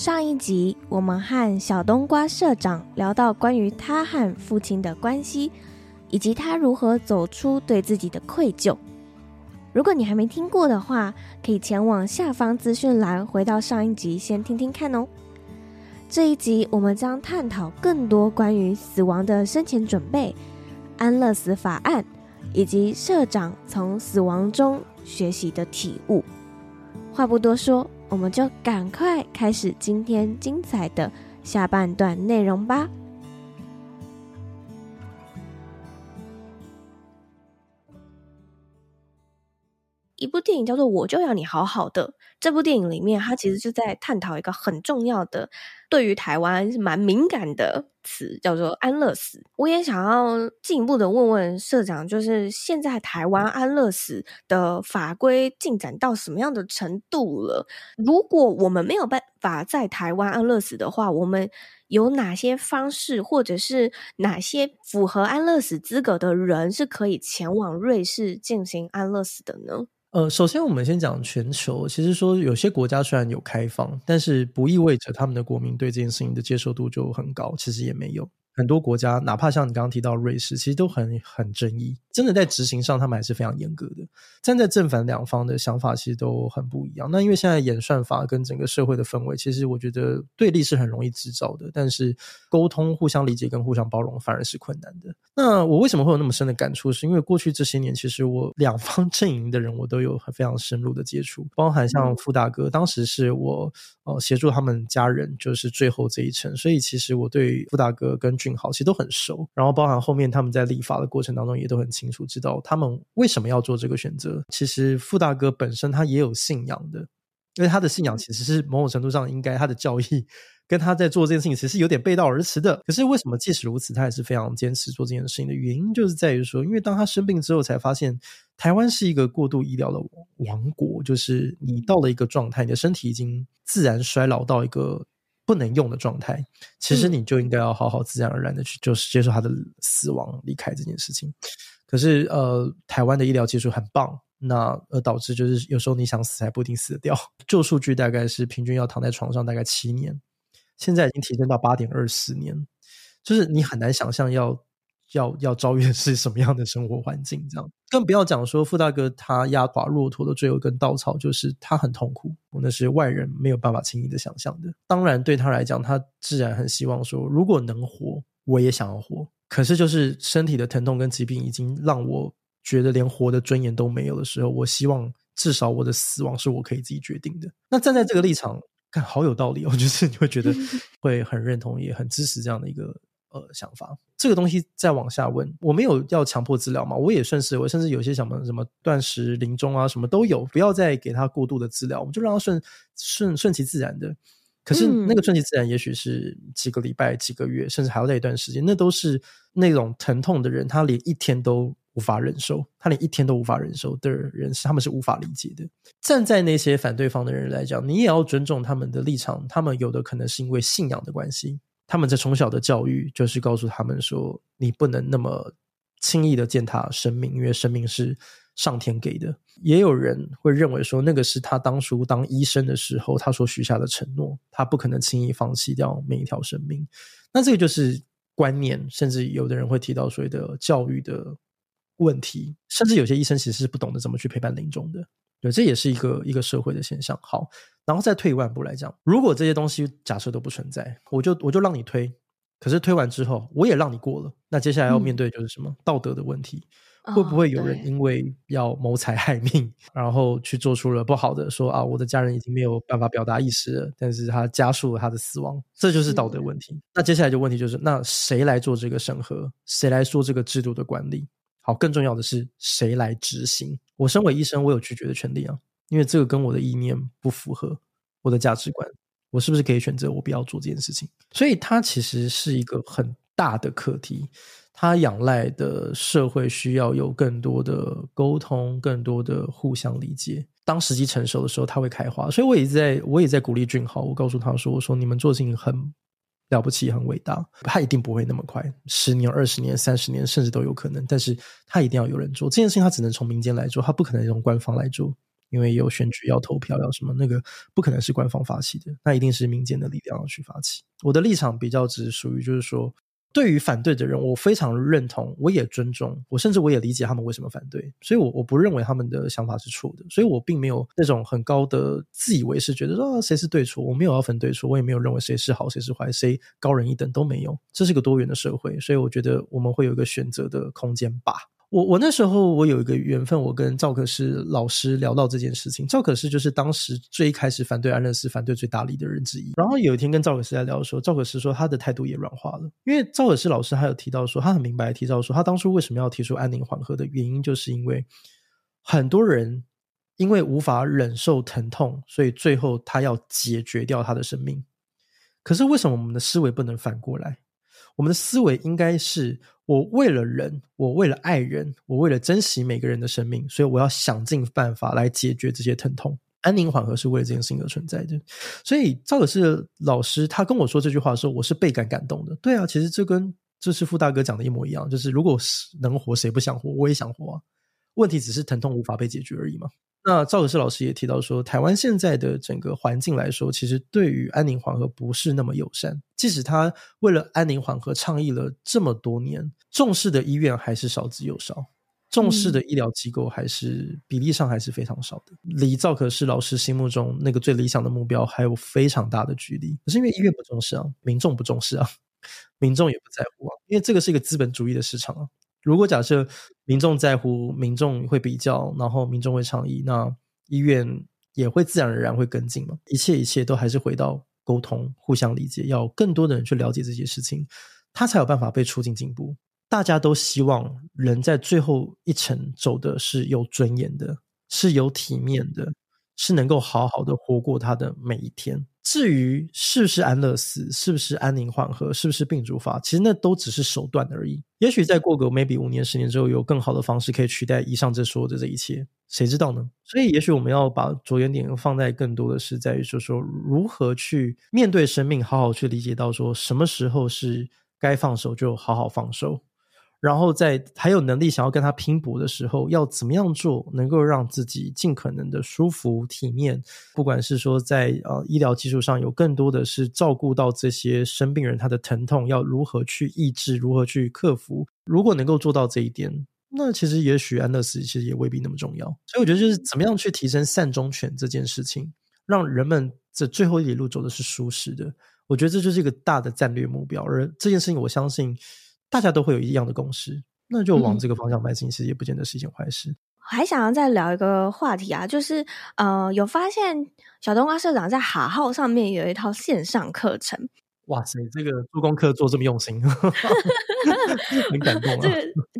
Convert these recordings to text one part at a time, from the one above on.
上一集，我們和小冬瓜社長聊到關於他和父親的關係，以及他如何走出對自己的愧疚。如果你還沒聽過的話，可以前往下方資訊欄回到上一集先聽聽看哦。這一集我們將探討更多關於死亡的生前準備、安樂死法案，以及社長從死亡中學習的體悟。話不多說。我們就趕快開始今天精彩的下半段內容吧。一部電影叫做《我就要你好好的》，這部電影裡面，它其實是在探討一個很重要的，對於台灣蠻敏感的。詞叫做安樂死。我也想要進一步的問問社長，就是現在台灣安樂死的法規進展到什麼樣的程度了？如果我們沒有辦法在台灣安樂死的話，我們有哪些方式，或者是哪些符合安樂死資格的人是可以前往瑞士進行安樂死的呢？呃，首先我們先講全球，其實說有些國家雖然有開放，但是不意味着他們的國民對這件事情的接受度就很高，其實也沒有。很多國家，哪怕像你剛剛提到瑞士，其實都很很爭議。真的在執行上，他們還是非常嚴格的。站在正反兩方的想法，其實都很不一樣。那因為現在演算法跟整個社會的氛圍，其實我覺得對立是很容易製造的，但是溝通、互相理解跟互相包容，反而是困難的。那我為什麼會有那麼深的感觸？是因為過去這些年，其實我兩方陣營的人，我都有非常深入的接觸，包含像傅大哥，嗯、當時是我呃、哦、協助他們家人，就是最後這一程。所以其實我對傅大哥跟俊豪其實都很熟，然後包含後面他們在立法的過程當中也都很清楚，知道他們為什麼要做這個選擇。其實傅大哥本身他也有信仰的，因為他的信仰其實是某種程度上應該他的教義跟他在做這件事情其實有點背道而馳的。可是為什麼即使如此，他也是非常堅持做這件事情的原因，就是在於說，因為當他生病之後才發現，台灣是一個過度醫療的王國，就是你到了一個狀態，你的身體已經自然衰老到一個。不能用的狀態，其實你就應該要好好自然而然的去，就是接受他的死亡離開這件事情。可是，呃，台灣的醫療技術很棒，那而導致就是有時候你想死還不一定死得掉。舊數據大概是平均要躺在床上大概七年，現在已經提升到八點二四年，就是你很難想象要，要要遭遇的是什麼樣的生活環境？這樣更不要講說傅大哥他壓垮駱駝的最後一根稻草，就是他很痛苦，我那是外人沒有辦法輕易的想象的。當然對他來講，他自然很希望說，如果能活，我也想要活。可是就是身體的疼痛跟疾病已經讓我覺得連活的尊嚴都沒有的時候，我希望至少我的死亡是我可以自己決定的。那站在這個立場，看，好有道理哦，就是你會覺得會很認同， 也很支持這樣的一個。呃，想法這個東西再往下問，我沒有要強迫治療嘛，我也算是，我甚至有些什麼什麼斷食、臨終啊，什麼都有，不要再給他過度的治療，我們就讓他順順順其自然的。可是那個順其自然，也許是幾個禮拜、幾個月，甚至還要再一段時間，那都是那種疼痛的人，他連一天都無法忍受，他連一天都無法忍受的人是，他們是無法理解的。站在那些反對方的人來講，你也要尊重他們的立場，他們有的可能是因為信仰的關係。他們在從小的教育就是告訴他們說，你不能那麼輕易的踐踏生命，因為生命是上天給的。也有人會認為說，那個是他當初當醫生的時候他所許下的承諾，他不可能輕易放棄掉每一條生命。那這個就是觀念，甚至有的人會提到所謂的教育的問題，甚至有些醫生其實是不懂得怎麼去陪伴臨終的。對，這也是一個一個社會的現象。好，然後再退一萬步來講，如果這些東西假設都不存在，我就我就讓你推，可是推完之後，我也讓你過了。那接下來要面對就是什麼、嗯、道德的問題？會不會有人因為要謀財害命，哦、然後去做出了不好的，說啊，我的家人已經沒有辦法表達意識了，但是他加速了他的死亡，這就是道德問題。嗯、那接下來就問題就是，那誰來做這個審核？誰來做這個制度的管理？好，更重要的是誰來執行？我身為醫生，我有拒絕的權利啊，因為這個跟我的意念不符合，我的價值觀，我是不是可以選擇我不要做這件事情？所以它其實是一個很大的課題，它仰賴的社會需要有更多的溝通，更多的互相理解。當時機成熟的時候，它會開花。所以我也在，我也在鼓勵俊豪，我告訴他說：“我說你們做事情很。”了不起，很偉大，它一定不會那麼快，十年、二十年、三十年，甚至都有可能。但是它一定要有人做這件事情，它只能從民間來做，它不可能用官方來做，因為有選舉要投票要什麼，那個不可能是官方發起的，那一定是民間的力量要去發起。我的立場比較只屬於就是說。對於反對的人，我非常認同，我也尊重，我甚至我也理解他們為什麼反對，所以我，我我不認為他們的想法是錯的，所以我並沒有那種很高的自以為是，覺得說，啊，誰是對錯，我沒有要分對錯，我也沒有認為誰是好，誰是壞，誰高人一等都沒有，這是個多元的社會，所以我覺得我們會有一個選擇的空間吧。我我那時候我有一個緣分，我跟趙可式老師聊到這件事情。趙可式就是當時最開始反對安樂死、反對最大力的人之一。然後有一天跟趙可式在聊的時候，趙可式說他的態度也軟化了，因為趙可式老師還有提到說，他很明白提到說他當初為什麼要提出安寧緩和的原因，就是因為很多人因為無法忍受疼痛，所以最後他要解決掉他的生命。可是為什麼我們的思維不能反過來？我們的思維應該是：我為了人，我為了愛人，我為了珍惜每個人的生命，所以我要想盡辦法來解決這些疼痛。安寧緩和是為了這件事情而存在的。所以趙可式老師他跟我說這句話的時候，我是倍感感動的。對啊，其實這跟這是傅大哥講的一模一樣，就是如果能活，誰不想活？我也想活啊。問題只是疼痛無法被解決而已嘛？那趙可式老師也提到說，台灣現在的整個環境來說，其實對於安寧緩和不是那麼友善。即使他為了安寧緩和倡議了這麼多年，重視的醫院還是少之又少，重視的醫療機構還是比例上還是非常少的，嗯、離趙可式老師心目中那個最理想的目標還有非常大的距離。可是因為醫院不重視啊，民眾不重視啊，民眾也不在乎啊，因為這個是一個資本主義的市場啊。如果假設民眾在乎，民眾會比較，然後民眾會倡議，那醫院也會自然而然會跟進嘛？一切一切都還是回到溝通、互相理解，要更多的人去了解這些事情，他才有辦法被促進進步。大家都希望人在最後一程走的是有尊嚴的，是有體面的，是能夠好好的活過他的每一天。至於是不是安樂死，是不是安寧緩和，是不是病主法，其實那都只是手段而已。也許再過個 maybe 五年、十年之後，有更好的方式可以取代以上這說的這一切，誰知道呢？所以，也許我們要把着眼點放在更多的是在於說說如何去面對生命，好好去理解到說什麼時候是該放手，就好好放手。然後在還有能力想要跟他拼搏的時候，要怎麼樣做能夠讓自己儘可能的舒服體面？不管是說在呃醫療技術上有更多的是照顧到這些生病人他的疼痛，要如何去抑制，如何去克服？如果能夠做到這一點，那其實也許安樂死其實也未必那麼重要。所以我覺得就是怎麼樣去提升善終權這件事情，讓人們這最後一里路走的是舒適的。我覺得這就是一個大的戰略目標，而這件事情我相信。大家都會有一樣的共識，那就往這個方向邁進，其實、嗯、也不見得是一件壞事。我還想要再聊一個話題啊，就是呃，有發現小冬瓜社長在哈號上面有一套線上課程。哇塞，這個做功課做這麼用心， 很感動啊。 這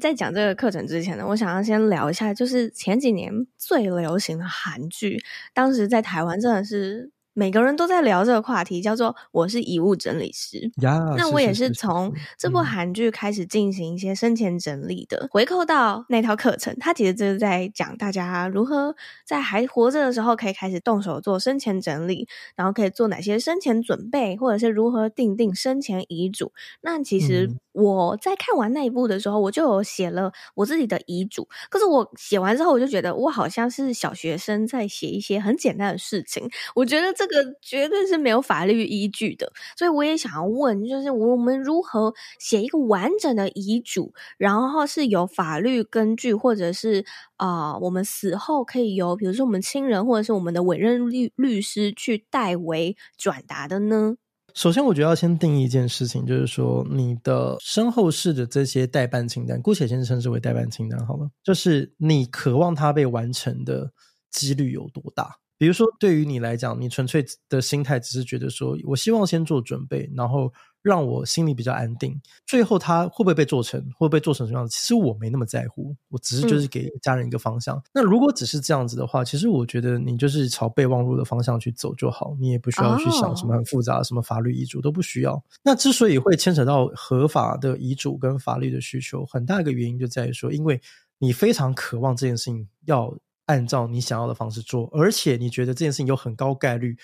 在講這個課程之前呢，我想要先聊一下，就是前幾年最流行的韓劇，當時在台灣真的是。每個人都在聊這個話題，叫做“我是遺物整理師”。Yeah, 那我也是從這部韓劇開始進行一些生前整理的。嗯、回扣到那套課程，它其實就是在講大家如何在還活着的時候可以開始動手做生前整理，然後可以做哪些生前準備，或者是如何訂定生前遺囑。那其實我在看完那一部的時候，嗯、我就有寫了我自己的遺囑。可是我寫完之後，我就覺得我好像是小學生在寫一些很簡單的事情。我覺得。這個絕對是沒有法律依據的，所以我也想要問，就是我們如何寫一個完整的遺囑，然後是有法律根據，或者是啊、呃，我們死後可以由比如說我們親人，或者是我們的委任律律師去代為轉達的呢？首先，我覺得要先定義一件事情，就是說你的身後事的這些代辦清單，姑且先稱之為代辦清單，好了，就是你渴望它被完成的幾率有多大？比如說，對於你來講，你純粹的心態只是覺得說，我希望先做準備，然後讓我心裡比較安定。最後他會不會被做成，會不會做成什麼樣子？其實我沒那麼在乎，我只是就是給家人一個方向。嗯、那如果只是這樣子的話，其實我覺得你就是朝備忘錄的方向去走就好，你也不需要去想什麼很複雜的、哦、什麼法律遺囑都不需要。那之所以會牽扯到合法的遺囑跟法律的需求，很大一個原因就在於說，因為你非常渴望這件事情要。按照你想要的方式做，而且你覺得這件事情有很高概率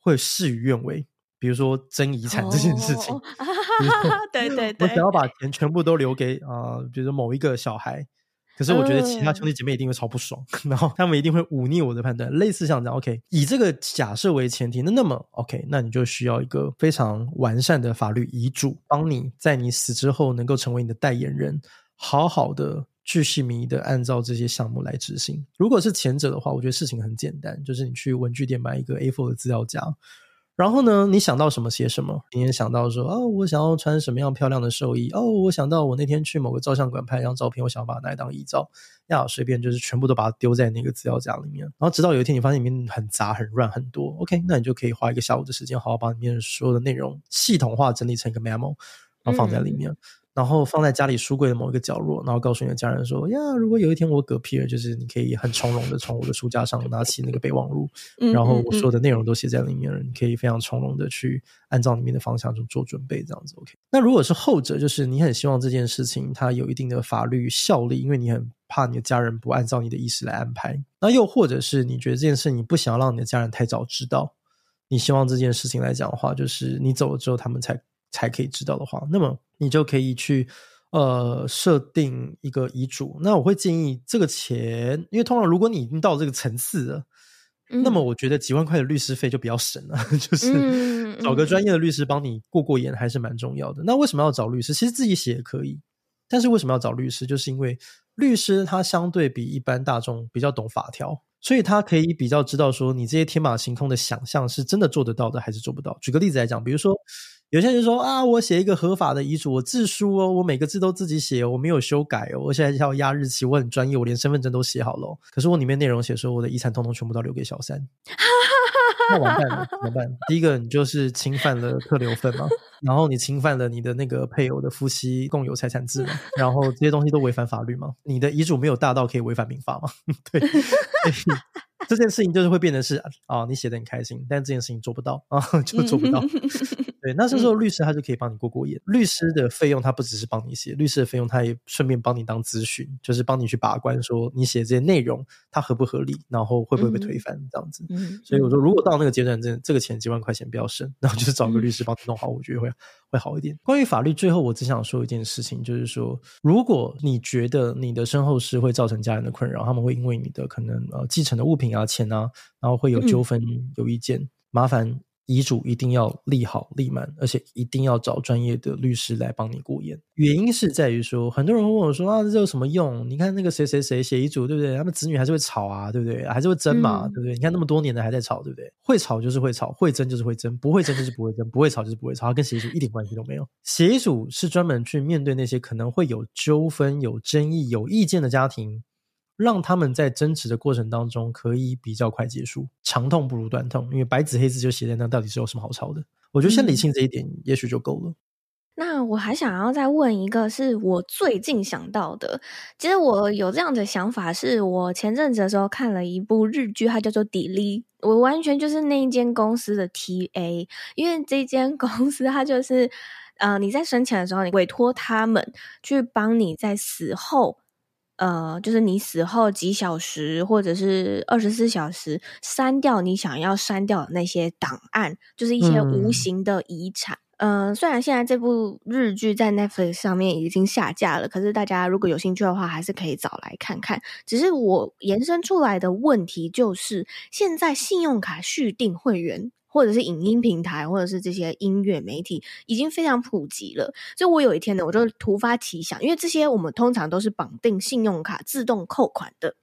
會事與願違，比如說爭遺產這件事情。Oh, 對對對，我只要把錢全部都留給啊、呃，比如說某一個小孩，可是我覺得其他兄弟姐妹一定會超不爽，oh, yeah. 然後他們一定會忤逆我的判斷。類似像這樣，OK，以這個假設為前提，那那麼 OK，那你就需要一個非常完善的法律遺囑，幫你在你死之後能夠成為你的代言人，好好的。巨細靡的按照這些項目來執行。如果是前者的話，我覺得事情很簡單，就是你去文具店買一個 A4 的資料夾，然後呢，你想到什麼寫什麼。你也想到說，哦，我想要穿什麼樣漂亮的壽衣。哦，我想到我那天去某個照相館拍一張照片，我想要把它拿來當遺照，那我隨便就是全部都把它丟在那個資料夾裡面。然後直到有一天你發現裡面很雜、很亂、很多，OK，那你就可以花一個下午的時間，好好把裡面所有的內容系統化整理成一個 memo，然後放在裡面。嗯然後放在家裡書櫃的某一個角落，然後告訴你的家人說：“呀，如果有一天我嗝屁了，就是你可以很從容的從我的書架上拿起那個備忘錄，嗯嗯嗯然後我說的內容都寫在裡面了，你可以非常從容的去按照裡面的方向做做準備，這樣子 OK。那如果是後者，就是你很希望這件事情它有一定的法律效力，因為你很怕你的家人不按照你的意思來安排。那又或者是你覺得這件事你不想要讓你的家人太早知道，你希望這件事情來講的話，就是你走了之後他們才才可以知道的話，那麼。你就可以去，呃，設定一個遺囑。那我會建議這個錢，因為通常如果你已經到這個層次了，嗯。那麼我覺得幾萬塊的律師費就比較省了，啊。就是找個專業的律師幫你過過眼，還是蠻重要的。嗯嗯。那為什麼要找律師？其實自己寫也可以，但是為什麼要找律師？就是因為律師他相對比一般大眾比較懂法條，所以他可以比較知道說你這些天馬行空的想象是真的做得到的，還是做不到。舉個例子來講，比如說。有些人說啊，我寫一個合法的遺囑，我自書哦，我每個字都自己寫，我沒有修改哦，我現在要壓日期，我很專業，我連身份證都寫好了、哦。可是我裡面內容寫說我的遺產通通全部都留給小三， 那完蛋了，怎麼辦？第一個你就是侵犯了特留分嘛，然後你侵犯了你的那個配偶的夫妻共有財產制嘛，然後這些東西都違反法律嘛。你的遺囑沒有大到可以違反民法嘛。對、哎，這件事情就是會變成是啊，你寫得很開心，但這件事情做不到啊，就做不到。 對，那這時候律師，他就可以幫你過過眼。嗯、律師的費用他不只是幫你寫，律師的費用他也順便幫你當諮詢，就是幫你去把關，說你寫這些內容它合不合理，然後會不會被推翻、嗯、這樣子。所以我說，如果到那個階段之，這這個錢幾萬塊錢不要省，然後就是找個律師幫你弄好，嗯、我覺得會會好一點。關於法律，最後我只想說一件事情，就是說，如果你覺得你的身後事會造成家人的困擾，他們會因為你的可能呃繼承的物品啊、錢啊，然後會有糾紛、嗯、有意見、麻煩。遺囑一定要立好立滿，而且一定要找專業的律師來幫你過驗。原因是在於說，很多人問我說啊，這有什麼用？你看那個誰誰誰寫遺囑，對不對？他們子女還是會吵啊，對不對？還是會爭嘛，嗯、對不對？你看那麼多年的還在吵，對不對？會吵就是會吵，會爭就是會爭，不會爭就是不會爭，不會吵就是不會吵。他跟寫遺囑一點關係都沒有。寫遺囑是專門去面對那些可能會有糾紛、有爭議、有意見的家庭。讓他們在爭執的過程當中可以比較快結束，長痛不如短痛，因為白紙黑字就寫在那，到底是有什麼好吵的？我覺得先理清這一點，也許就夠了。嗯、那我還想要再問一個，是我最近想到的。其實我有這樣的想法是，是我前陣子的時候看了一部日劇，它叫做《dele》我完全就是那一間公司的 TA，因為這間公司它就是，呃，你在生前的時候，你委託他們去幫你在死後。呃，就是你死後幾小時或者是二十四小時，刪掉你想要刪掉的那些檔案，就是一些無形的遺產。嗯、呃，雖然現在這部日劇在 Netflix 上面已經下架了，可是大家如果有興趣的話，還是可以找來看看。只是我延伸出來的問題就是，現在信用卡續訂會員。或者是影音平台，或者是這些音樂媒體，已經非常普及了。所以我有一天呢，我就突發奇想，因為這些我們通常都是綁定信用卡自動扣款的。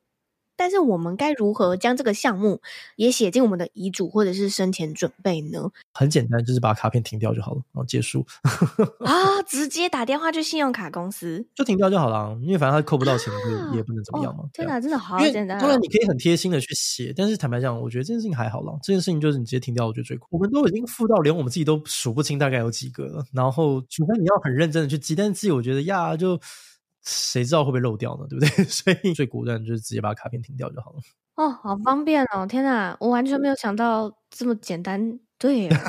但是我們該如何將這個項目也寫進我們的遺囑或者是生前準備呢？很簡單，就是把卡片停掉就好了，然後結束。啊、 哦，直接打電話去信用卡公司，就停掉就好了、啊，因為反正他扣不到錢，啊、也不能怎麼樣嘛。真的、哦啊，真的好，好簡單。當然你可以很貼心的去寫，但是坦白講，我覺得這件事情還好啦。這件事情就是你直接停掉，我覺得最苦。我們都已經付到連我們自己都數不清大概有幾個了，然後除非你要很認真的去記，但是自己我覺得呀就。誰知道會不會漏掉呢？對不對？所以最果斷就是直接把卡片停掉就好了。哦，好方便哦！天哪，我完全沒有想到這麼簡單。對、啊，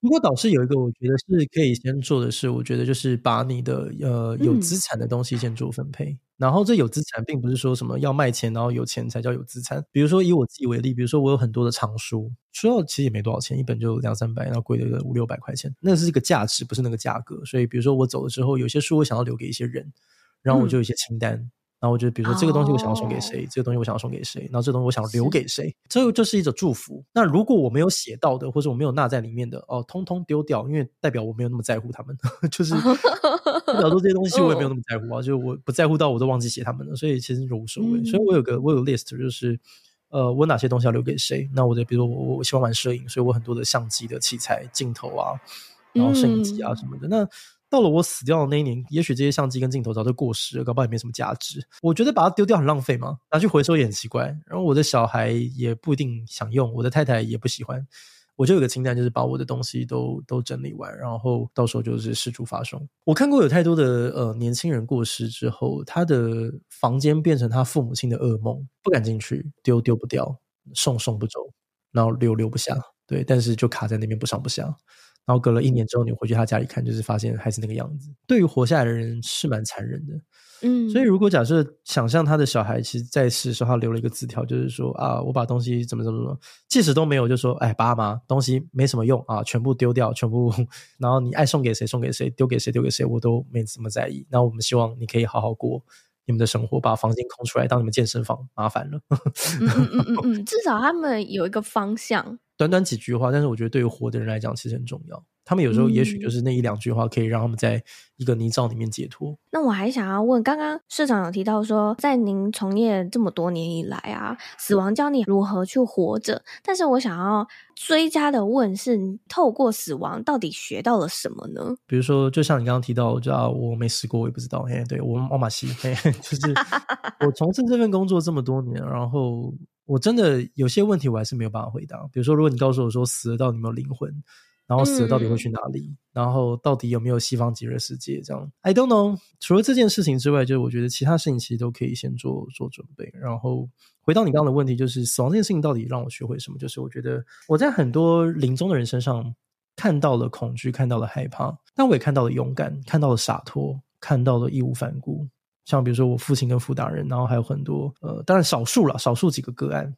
不過 倒是有一個我覺得是可以先做的事，我覺得就是把你的呃有資產的東西先做分配。嗯、然後這有資產並不是說什麼要賣錢，然後有錢才叫有資產。比如說以我自己為例，比如說我有很多的藏書，書到其實也沒多少錢，一本就兩三百，然後貴了個五六百塊錢，那是一個價值，不是那個價格。所以比如說我走了之後，有些書我想要留給一些人。然後我就有一些清單，嗯、然後我就比如說這個東西我想要送給誰，哦、這個東西我想要送給誰，然後這個東西我想留給誰，是這就是一種祝福。那如果我沒有寫到的，或者我沒有納在裡面的，哦、呃，通通丟掉，因為代表我沒有那麼在乎他們。呵呵就是 代表說這些東西我也沒有那麼在乎啊，哦、就我不在乎到我都忘記寫他們了。所以其實也無所謂。嗯、所以我有個我有 list，就是呃，我哪些東西要留給誰？那我就比如說我我喜歡玩攝影，所以我很多的相機的器材、鏡頭啊，然後攝影機啊什麼的。嗯、那到了我死掉的那一年，也許這些相機跟鏡頭早就過時了，搞不好也沒什麼價值。我覺得把它丟掉很浪費嘛，拿去回收也很奇怪。然後我的小孩也不一定想用，我的太太也不喜歡。我就有個清單，就是把我的東西都都整理完，然後到時候就是事主發送。我看過有太多的呃年輕人過世之後，他的房間變成他父母親的噩夢，不敢進去，丢丟不掉，送送不走，然後留留不下，對，但是就卡在那邊不上不下。然後隔了一年之後，你回去他家一看，就是發現還是那個樣子。對於活下來的人是蠻殘忍的，嗯。所以如果假設想象他的小孩其實在世的時候，他留了一個字條，就是說啊，我把東西怎麼怎麼怎麼，即使都沒有，就說哎，爸媽東西沒什麼用啊，全部丟掉，全部。然後你愛送給誰送給誰，丟給誰丟給誰，我都沒怎麼在意。那我們希望你可以好好過。你們的生活，把房間空出來當你們健身房，麻煩了。 嗯嗯嗯，嗯，至少他們有一個方向。短短幾句話，但是我覺得對於活的人來講，其實很重要。他們有時候也許就是那一兩句話，可以讓他們在一個泥沼裡面解脫，嗯。那我還想要問，剛剛社長有提到說，在您從業這麼多年以來啊，死亡教你如何去活着。嗯、但是我想要追加的問是，透過死亡到底學到了什麼呢？比如說，就像你剛剛提到，叫、啊、我沒死過，我也不知道。哎，對我奧馬西，嘿，就是 我從事這份工作這麼多年，然後我真的有些問題我還是沒有辦法回答。比如說，如果你告訴我說，死了到底有沒有靈魂。然後死了到底會去哪裡？嗯、然後到底有沒有西方極樂世界？這樣，I don't know。除了這件事情之外，就是我覺得其他事情其實都可以先做做準備。然後回到你剛剛的問題，就是死亡這件事情到底讓我學會什麼？就是我覺得我在很多臨終的人身上看到了恐懼，看到了害怕，但我也看到了勇敢，看到了灑脫，看到了義無反顧。像比如說我父親跟傅達仁，然後還有很多呃，當然少數啦，少數幾個個案。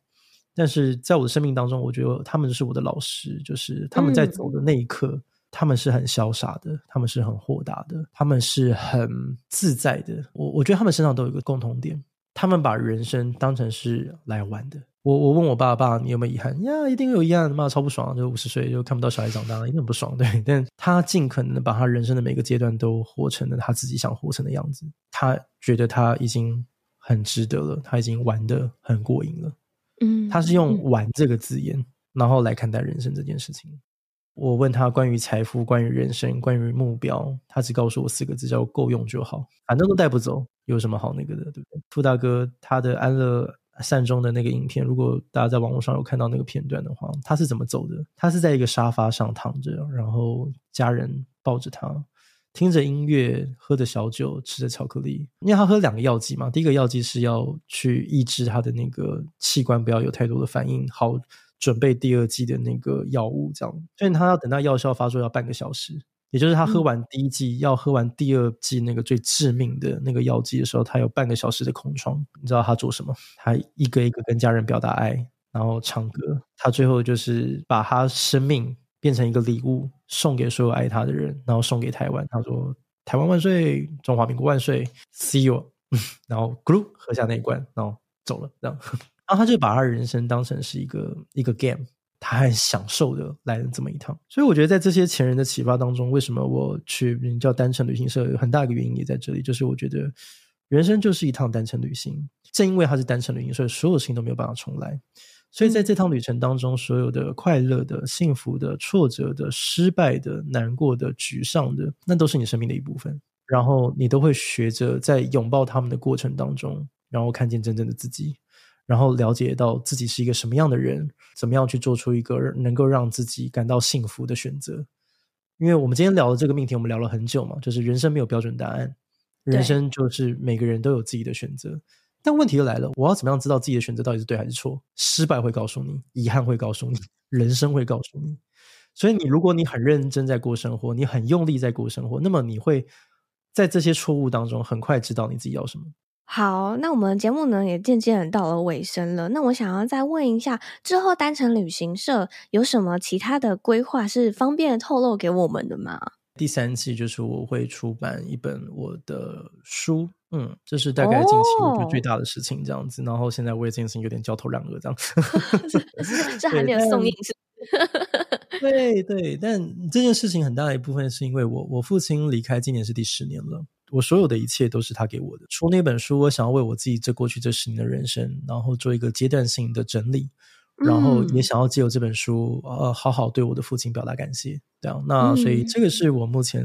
但是在我的生命當中，我覺得他們是我的老師。就是他們在走的那一刻，嗯、他們是很瀟灑的，他們是很豁達的，他們是很自在的。我我覺得他們身上都有一個共同點，他們把人生當成是來玩的。我我問我爸爸，你有沒有遺憾？呀，一定有遺憾嘛，超不爽，就五十歲就看不到小孩長大，一定很不爽對。但他盡可能把他人生的每個階段都活成了他自己想活成的樣子。他覺得他已經很值得了，他已經玩得很過癮了。嗯，他是用“玩”這個字眼，嗯嗯、然後來看待人生這件事情。我問他關於財富、關於人生、關於目標，他只告訴我四個字，叫“夠用就好”啊。反正都帶不走，有什麼好那個的，對不對？傅大哥他的安樂善終的那個影片，如果大家在網絡上有看到那個片段的話，他是怎麼走的？他是在一個沙發上躺着，然後家人抱着他。聽着音樂，喝着小酒，吃着巧克力。因為他喝兩個藥劑嘛，第一個藥劑是要去抑制他的那個器官不要有太多的反應，好準備第二劑的那個藥物。這樣，所以他要等到藥效發作要半個小時，也就是他喝完第一劑，嗯、要喝完第二劑那個最致命的那個藥劑的時候，他有半個小時的空窗。你知道他做什麼？他一個一個跟家人表達愛，然後唱歌。他最後就是把他生命變成一個禮物。送給所有愛他的人，然後送給台灣。他說：“台灣萬歲，中華民國萬歲，see you。”然後 glu 咕嚕喝下那一罐，然後走了。這樣，然後他就把他人生當成是一個一個 game，他很享受的來了這麼一趟。所以我覺得在這些前人的啟發當中，為什麼我去名叫單程旅行社，有很大一個原因也在這裡，就是我覺得人生就是一趟單程旅行。正因為他是單程旅行，所以所有事情都沒有辦法重來。所以，在這趟旅程當中，所有的快樂的、幸福的、挫折的、失敗的、難過的、沮喪的，那都是你生命的一部分。然後，你都會學着在擁抱他們的過程當中，然後看見真正的自己，然後了解到自己是一個什麼樣的人，怎麼樣去做出一個能夠讓自己感到幸福的選擇。因為我們今天聊的這個命題，我們聊了很久嘛，就是人生沒有標準答案，人生就是每個人都有自己的選擇。但問題又來了，我要怎麼樣知道自己的選擇到底是對還是錯？失敗會告訴你，遺憾會告訴你，人生會告訴你。所以，你如果你很認真在過生活，你很用力在過生活，那麼你會在這些錯誤當中很快知道你自己要什麼。好，那我們節目呢也漸漸到了尾聲了。那我想要再問一下，之後單程旅行社有什麼其他的規劃是方便透露給我們的嗎？第三期就是我會出版一本我的書，嗯，這是大概近期我覺得最大的事情這樣子。哦、然後現在我也最近有點焦頭爛額這樣子，這， 對這還沒有送印是？但 對對，但這件事情很大一部分是因為我我父親離開今年是第十年了，我所有的一切都是他給我的。出那本書，我想要為我自己這過去這十年的人生，然後做一個階段性的整理。然後也想要借由這本書，嗯、呃，好好對我的父親表達感謝。這樣、啊，那所以這個是我目前，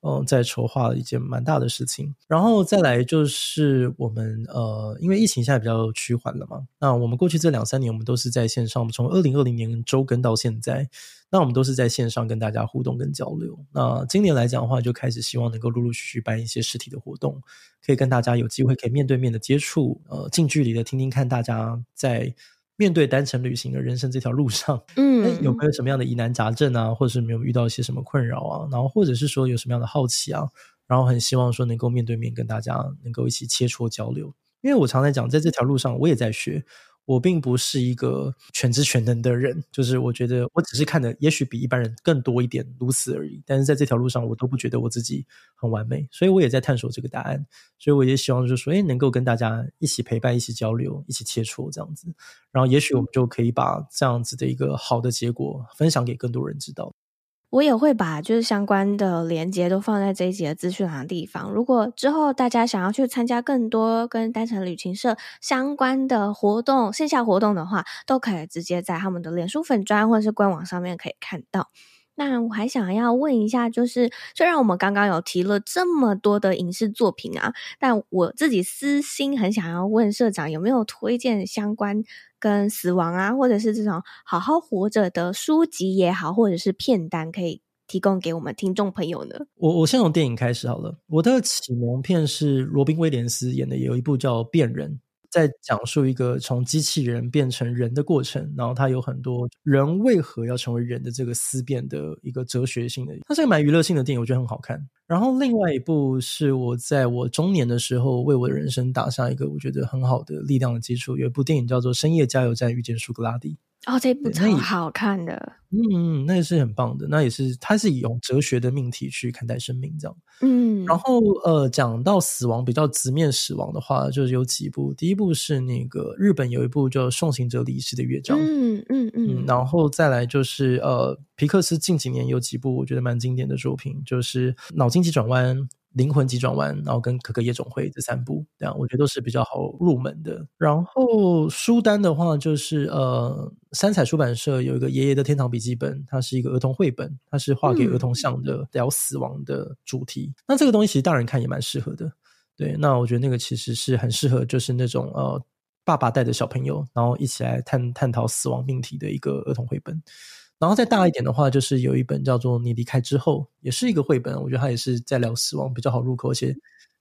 嗯、呃，在籌劃的一件蠻大的事情。然後再來就是我們，呃，因為疫情現在比較趨緩了嘛，那我們過去這兩三年我們都是在線上，我們從二零二零年周更到現在，那我們都是在線上跟大家互動跟交流。那今年來講的話，就開始希望能夠陸陸續續辦一些實體的活動，可以跟大家有機會可以面對面的接觸，呃，近距離的聽聽看大家在。面對單程旅行的人生這條路上，嗯，有沒有什麼樣的疑難雜症啊？或者是沒有遇到一些什麼困擾啊？然後或者是說有什麼樣的好奇啊？然後很希望說能夠面對面跟大家能夠一起切磋交流。因為我常在講，在這條路上我也在學。我並不是一個全知全能的人，就是我覺得我只是看的，也許比一般人更多一點，如此而已。但是在這條路上，我都不覺得我自己很完美，所以我也在探索這個答案。所以我也希望就是說，欸，能夠跟大家一起陪伴、一起交流、一起切磋這樣子，然後也許我們就可以把這樣子的一個好的結果分享給更多人知道。我也會把就是相關的連接都放在這一集的資訊欄的地方。如果之後大家想要去參加更多跟單程旅行社相關的活動、線下活動的話，都可以直接在他們的臉書粉專或者是官網上面可以看到。那我還想要問一下，就是雖然我們剛剛有提了這麼多的影視作品啊，但我自己私心很想要問社長有沒有推薦相關。跟死亡啊，或者是這種好好活着的書籍也好，或者是片單，可以提供給我們聽眾朋友呢？我我先從電影開始好了。我的啟蒙片是羅賓威廉斯演的，有一部叫《變人》。在講述一個從機器人變成人的過程，然後它有很多人為何要成為人的這個思辨的一個哲學性的。它是一個蠻娛樂性的電影，我覺得很好看。然後另外一部是我在我中年的時候為我的人生打下一個我覺得很好的力量的基礎，有一部電影叫做《深夜加油站遇見蘇格拉底》。哦，這部超好看的，嗯，那也是很棒的，那也是，它是以用哲學的命題去看待生命這樣，嗯，然後呃，講到死亡比較直面死亡的話，就是有幾部，第一部是那個日本有一部叫《送行者禮儀師的樂章》，嗯，嗯嗯嗯，然後再來就是呃，皮克斯近幾年有幾部我覺得蠻經典的作品，就是《腦筋急轉彎》。靈魂急轉彎，然後跟《可可夜總會》的散步這三部，這樣我覺得都是比較好入門的。然後書單的話，就是呃，三彩出版社有一個《爺爺的天堂筆記本》，它是一個兒童繪本，它是畫給兒童看的，嗯、聊死亡的主題。那這個東西其實大人看也蠻適合的，對。那我覺得那個其實是很適合，就是那種呃，爸爸帶着小朋友，然後一起來探探討死亡命題的一個兒童繪本。然後再大一點的話，就是有一本叫做《你離開之後》，也是一個繪本，我覺得它也是在聊死亡，比較好入口，而且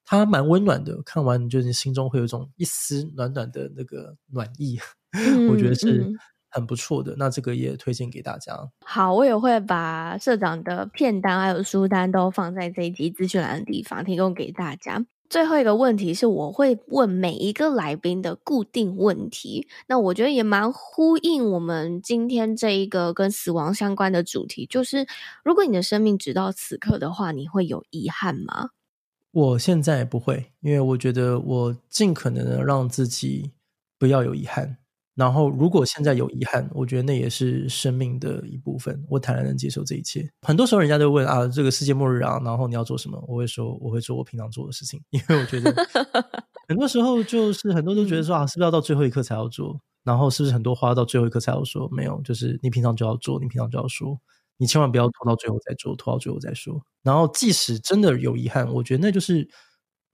它蠻溫暖的，看完就是你心中會有一種一絲暖暖的那個暖意，嗯、 我覺得是很不錯的。嗯、那這個也推薦給大家。好，我也會把社長的片單還有書單都放在這一集資訊欄的地方提供給大家。最後一個問題是，我會問每一個來賓的固定問題。那我覺得也蠻呼應我們今天這一個跟死亡相關的主題，就是如果你的生命直到此刻的話，你會有遺憾嗎？我現在不會，因為我覺得我盡可能的讓自己不要有遺憾。然後，如果現在有遺憾，我覺得那也是生命的一部分。我坦然能接受這一切。很多時候，人家就問啊，這個世界末日啊，然後你要做什麼？我會說，我會做我平常做的事情，因為我覺得很多時候就是 很多都覺得說啊，是不是要到最後一刻才要做？然後是不是很多話到最後一刻才要說？沒有，就是你平常就要做，你平常就要說，你千萬不要拖到最後再做，拖到最後再說。然後，即使真的有遺憾，我覺得那就是。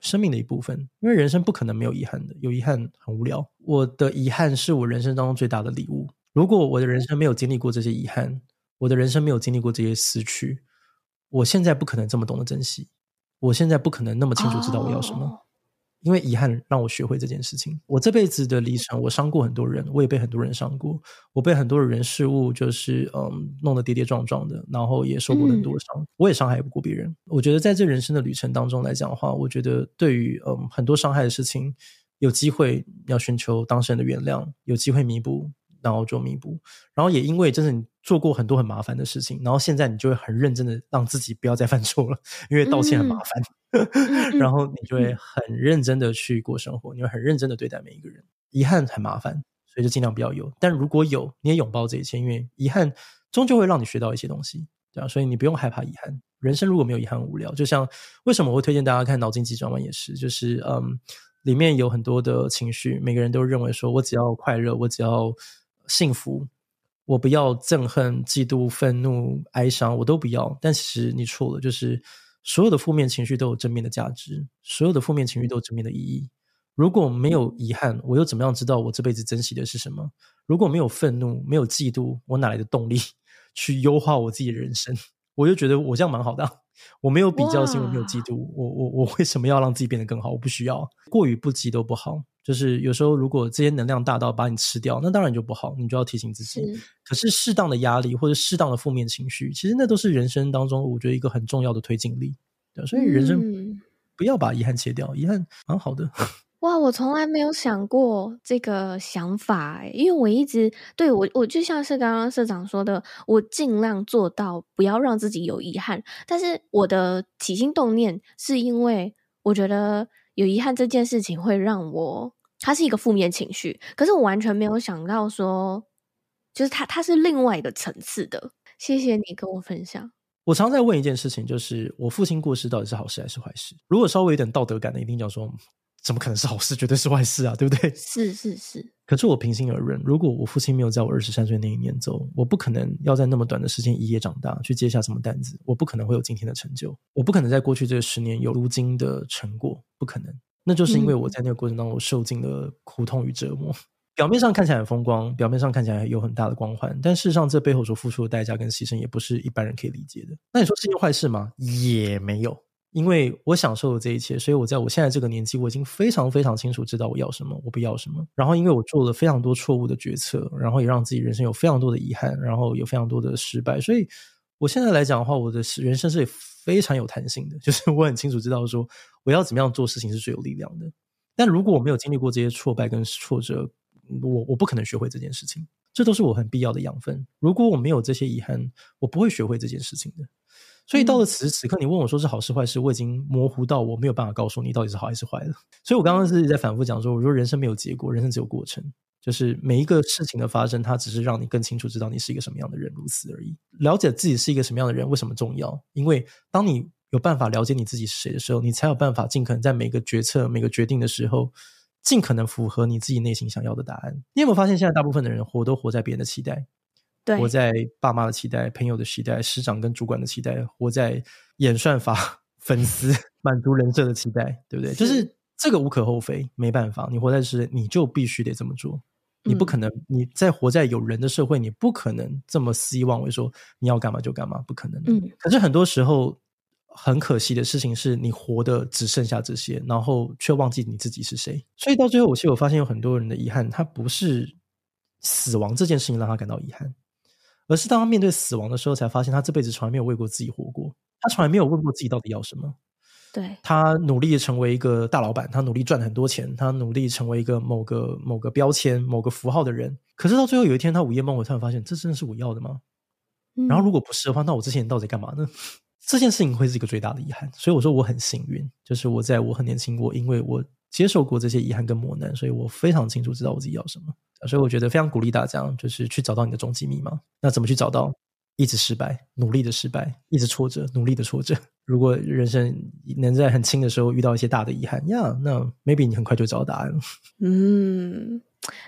生命的一部分，因為人生不可能沒有遺憾的，有遺憾很無聊。我的遺憾是我人生當中最大的禮物。如果我的人生沒有經歷過這些遺憾，我的人生沒有經歷過這些失去，我現在不可能這麼懂得珍惜，我現在不可能那麼清楚知道我要什麼。哦因為遺憾讓我學會這件事情。我這輩子的歷程，我傷過很多人，我也被很多人傷過。我被很多的人事物，就是嗯，弄得跌跌撞撞的，然後也受過很多傷。嗯、我也傷害不過別人。我覺得在這人生的旅程當中來講的話，我覺得對於嗯很多傷害的事情，有機會要尋求當事人的原諒，有機會彌補，然後做彌補。然後也因為真正是。做過很多很麻煩的事情，然後現在你就會很認真的讓自己不要再犯錯了，因為道歉很麻煩。嗯嗯 然後你就會很認真的去過生活，嗯嗯，你會很認真的對待每一個人。嗯、遺憾很麻煩，所以就盡量不要有。但如果有，你也擁抱這一切，因為遺憾終究會讓你學到一些東西，對啊，所以你不用害怕遺憾。人生如果沒有遺憾，無聊。就像為什麼我會推薦大家看《腦筋急轉彎》也是，就是嗯，裡面有很多的情緒，每個人都認為說我只要快樂，我只要幸福。我不要憎恨、嫉妒、憤怒、哀傷，我都不要。但其實你錯了，就是所有的負面情緒都有正面的價值，所有的負面情緒都有正面的意義。如果沒有遺憾，我又怎麼樣知道我這輩子珍惜的是什麼？如果沒有憤怒、沒有嫉妒，我哪來的動力去優化我自己的人生？我就覺得我這樣蠻好的啊。我沒有比較心，我沒有嫉妒，我我我為什麼要讓自己變得更好？我不需要。過與不及都不好。就是有時候，如果這些能量大到把你吃掉，那當然就不好，你就要提醒自己。是。可是適當的壓力或者適當的負面情緒，其實那都是人生當中我覺得一個很重要的推進力，對，所以人生不要把遺憾切掉，嗯、遺憾蠻好的。哇，我從來沒有想過這個想法誒，因為我一直對我，我就像是剛剛社長說的，我盡量做到不要讓自己有遺憾。但是我的起心動念是因為我覺得。有遺憾這件事情會讓我，它是一個負面情緒。可是我完全沒有想到說，就是它，它是另外一個層次的。謝謝你跟我分享。我常在問一件事情，就是我父親過世到底是好事還是壞事？如果稍微有點道德感的，一定講說，怎麼可能是好事？絕對是壞事啊，對不對？是是是。是是，可是我平心而論，如果我父親沒有在我二十三歲那一年走，我不可能要在那麼短的時間一夜長大，去接下什麼單子，我不可能會有今天的成就，我不可能在過去這十年有如今的成果，不可能。那就是因為我在那個過程當中，我受盡了苦痛與折磨。嗯。表面上看起來很風光，表面上看起來有很大的光環，但事實上這背後所付出的代價跟犧牲也不是一般人可以理解的。那你說是件壞事嗎？也沒有。因為我享受了這一切，所以我在我現在這個年紀，我已經非常非常清楚知道我要什麼，我不要什麼。然後，因為我做了非常多錯誤的決策，然後也讓自己人生有非常多的遺憾，然後有非常多的失敗。所以，我現在來講的話，我的人生是也非常有彈性的。就是我很清楚知道說，我要怎麼樣做事情是最有力量的。但如果我沒有經歷過這些挫敗跟挫折，我我不可能學會這件事情。這都是我很必要的養分。如果我沒有這些遺憾，我不會學會這件事情的。所以到了此時、嗯、此刻，你問我說是好是壞事，我已經模糊到我沒有辦法告訴你到底是好還是壞的。所以，我剛剛是在反复講說，我說人生沒有結果，人生只有過程，就是每一個事情的發生，它只是讓你更清楚知道你是一個什麼樣的人，如此而已。了解自己是一個什麼樣的人，為什麼重要？因為當你有辦法了解你自己是誰的時候，你才有辦法盡可能在每個決策、每個決定的時候，盡可能符合你自己內心想要的答案。你有沒有發現，現在大部分的人活都活在別人的期待？對活在爸媽的期待、朋友的期待、師長跟主管的期待，活在演算法、粉絲、滿足人設的期待，對不對？是，就是這個無可厚非，沒辦法，你活在時，你就必須得這麼做，你不可能你在活在有人的社會，嗯、你不可能這麼肆意妄為說你要幹嘛就幹嘛，不可能。的。嗯、可是很多時候，很可惜的事情是，你活的只剩下這些，然後卻忘記你自己是誰。所以到最後，我其實我發現有很多人的遺憾，他不是死亡這件事情讓他感到遺憾。而是當他面對死亡的時候，才發現他這輩子從來沒有為過自己活過，他從來沒有問過自己到底要什麼。對，他努力成為一個大老板，他努力賺很多錢，他努力成為一個某個某個標籤、某個符號的人。可是到最後有一天，他午夜夢回，突然發現這真的是我要的嗎？然後如果不是的話，那我之前到底幹嘛呢？這件事情會是一個最大的遺憾。所以我說我很幸運，就是我在我很年輕過，因為我接受過這些遺憾跟磨難，所以我非常清楚知道我自己要什麼。所以我覺得非常鼓勵大家，就是去找到你的終極迷茫。那怎麼去找到？一直失敗，努力的失敗；一直挫折，努力的挫折。如果人生能在很輕的時候遇到一些大的遺憾，呀，那 maybe 你很快就找到答案。嗯。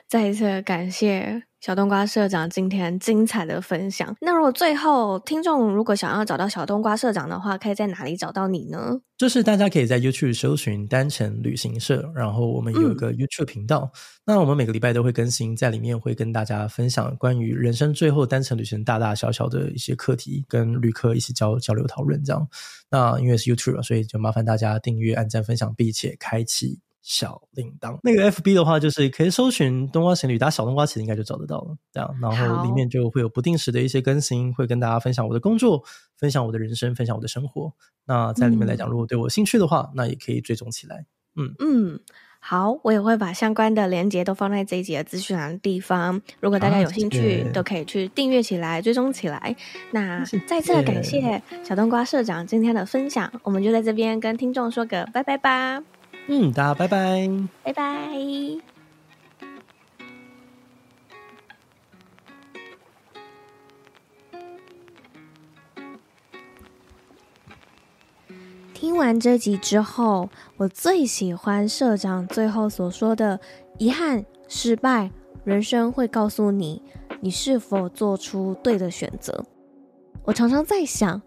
再一次感謝小冬瓜社長今天精彩的分享。那如果最後聽眾如果想要找到小冬瓜社長的話，可以在哪裡找到你呢？就是大家可以在 YouTube 搜尋單程旅行社，然後我們有一個 YouTube 頻道。嗯、那我們每個禮拜都會更新，在裡面會跟大家分享關於人生最後單程旅行大大小小的一些課題，跟旅客一起交交流討論這樣。那因為是 YouTube，所以就麻煩大家訂閱、按讚、分享，並且開啟。小鈴鐺，那個 FB 的話，就是可以搜尋“冬瓜行旅”，打“小冬瓜”其實應該就找得到了。這樣，然後裡面就會有不定時的一些更新，好會跟大家分享我的工作、分享我的人生、分享我的生活。那在裡面來講，嗯、如果對我有興趣的話，那也可以追蹤起來。嗯嗯，好，我也會把相關的鏈接都放在這一集的資訊欄的地方。如果大家有興趣，啊、謝謝都可以去訂閱起來、追蹤起來。那再次感謝小冬瓜社長今天的分享，我們就在這邊跟聽眾說個拜拜吧。嗯，大家拜拜，拜拜。拜拜。聽完這集之後，我最喜歡社長最後所說的：“遺憾、失敗，人生會告訴你你是否做出對的選擇。”我常常在想，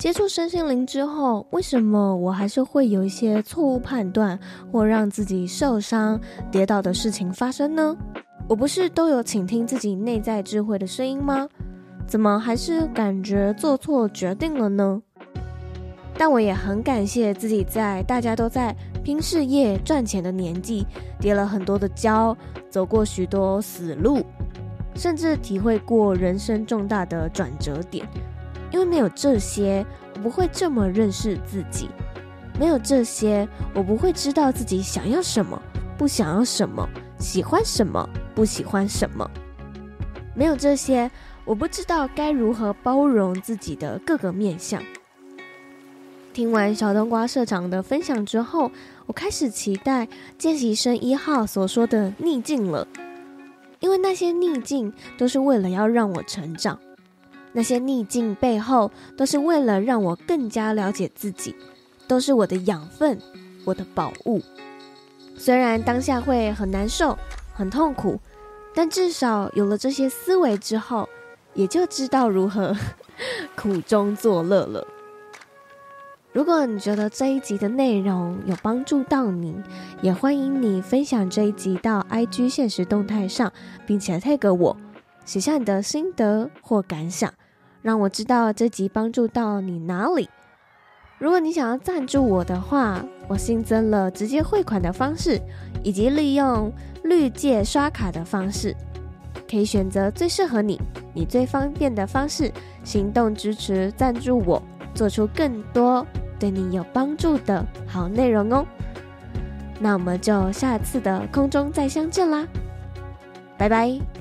接觸身心靈之後，為什麼我還是會有一些錯誤判斷或讓自己受傷、跌倒的事情發生呢？我不是都有傾聽自己內在智慧的聲音嗎？怎麼還是感覺做錯決定了呢？但我也很感謝自己在大家都在拼事業賺錢的年紀，跌了很多的跤，走過許多死路，甚至體會過人生重大的轉折點。因為沒有這些，我不會這麼認識自己；沒有這些，我不會知道自己想要什麼，不想要什麼，喜歡什麼，不喜歡什麼；沒有這些，我不知道該如何包容自己的各個面向。聽完小冬瓜社長的分享之後，我開始期待見習生一號所說的逆境了，因為那些逆境都是為了要讓我成長。那些逆境背後，都是為了讓我更加了解自己，都是我的養分，我的寶物。雖然當下會很難受、很痛苦，但至少有了這些思維之後，也就知道如何苦中作樂了。如果你覺得這一集的內容有幫助到你，也歡迎你分享這一集到 IG 限時動態上，並且 tag 我，寫下你的心得或感想。讓我知道這集幫助到你哪裡。如果你想要贊助我的話，我新增了直接匯款的方式，以及利用綠界刷卡的方式，可以選擇最適合你、你最方便的方式行動支持贊助我，做出更多對你有幫助的好內容哦。那我們就下次的空中再相見啦，拜拜。